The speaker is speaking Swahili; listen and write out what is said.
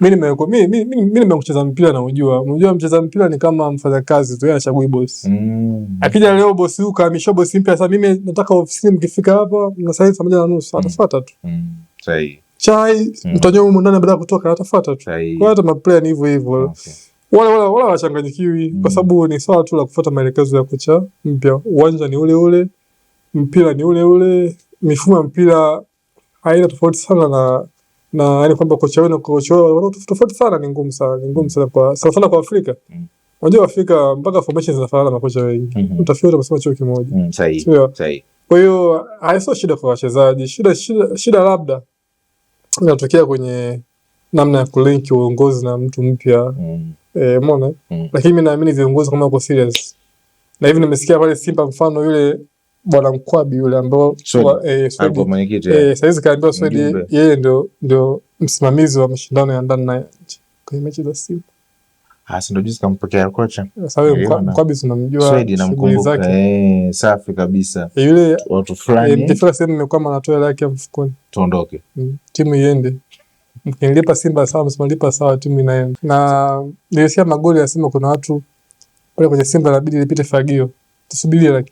mi nimekucheza mpira na ujua, unajua mcheza mpira ni kama mfanya kazi tu, yeye anachagua bosi. Mm. Akija leo bosi huyu kaamisha bosi mpya, sasa mimi nataka ofisini, mkifika hapa na saa hizi saa moja na nusu mm. atafuata tu mm. chai, mtanywa humo ndani, baada ya kutoka atafuata tu. Kwa hata maplaya ni hivyo hivyo okay. wala wala wachanganyikiwi mm. kwa sababu ni swala tu la kufuata maelekezo ya kocha mpya. Uwanja ni ule ule, mpira ni ule ule, mifumo ya mpira haina tofauti sana na na yani kwamba kocha wenu kocha wao wako tofauti sana, ni ngumu sana, ni ngumu sana kwa sana sana kwa Afrika. Mm. Unajua mm. Afrika mpaka formation zinafanana na makocha wengi, mm -hmm. utafikiria unasema chuo kimoja. mm, Sahihi, sahihi. Kwa hiyo haisio shida kwa wachezaji, shida shida, shida labda inatokea kwenye namna ya kulinki uongozi na mtu mpya mm. Eh, umeona mm. Lakini mimi naamini viongozi kama wako serious na hivi nimesikia pale Simba mfano yule bwana Mkwabi yule ambao sahizi kaambiwa Swedi eh, eh. Eh, yeye ndio ndio msimamizi wa mashindano ya ndani na nje kwenye mechi za Simba. Ah, Mkwabi tunamjua safi kabisa. Yule sehemu anatoa hela yake mfukoni, tuondoke mm, timu iende Mkinilipa Simba sawa, msimalipa sawa, timu inaenda. Na nilisikia magoli ya Simba, kuna watu pale kwenye Simba inabidi lipite fagio, tusubiri lakini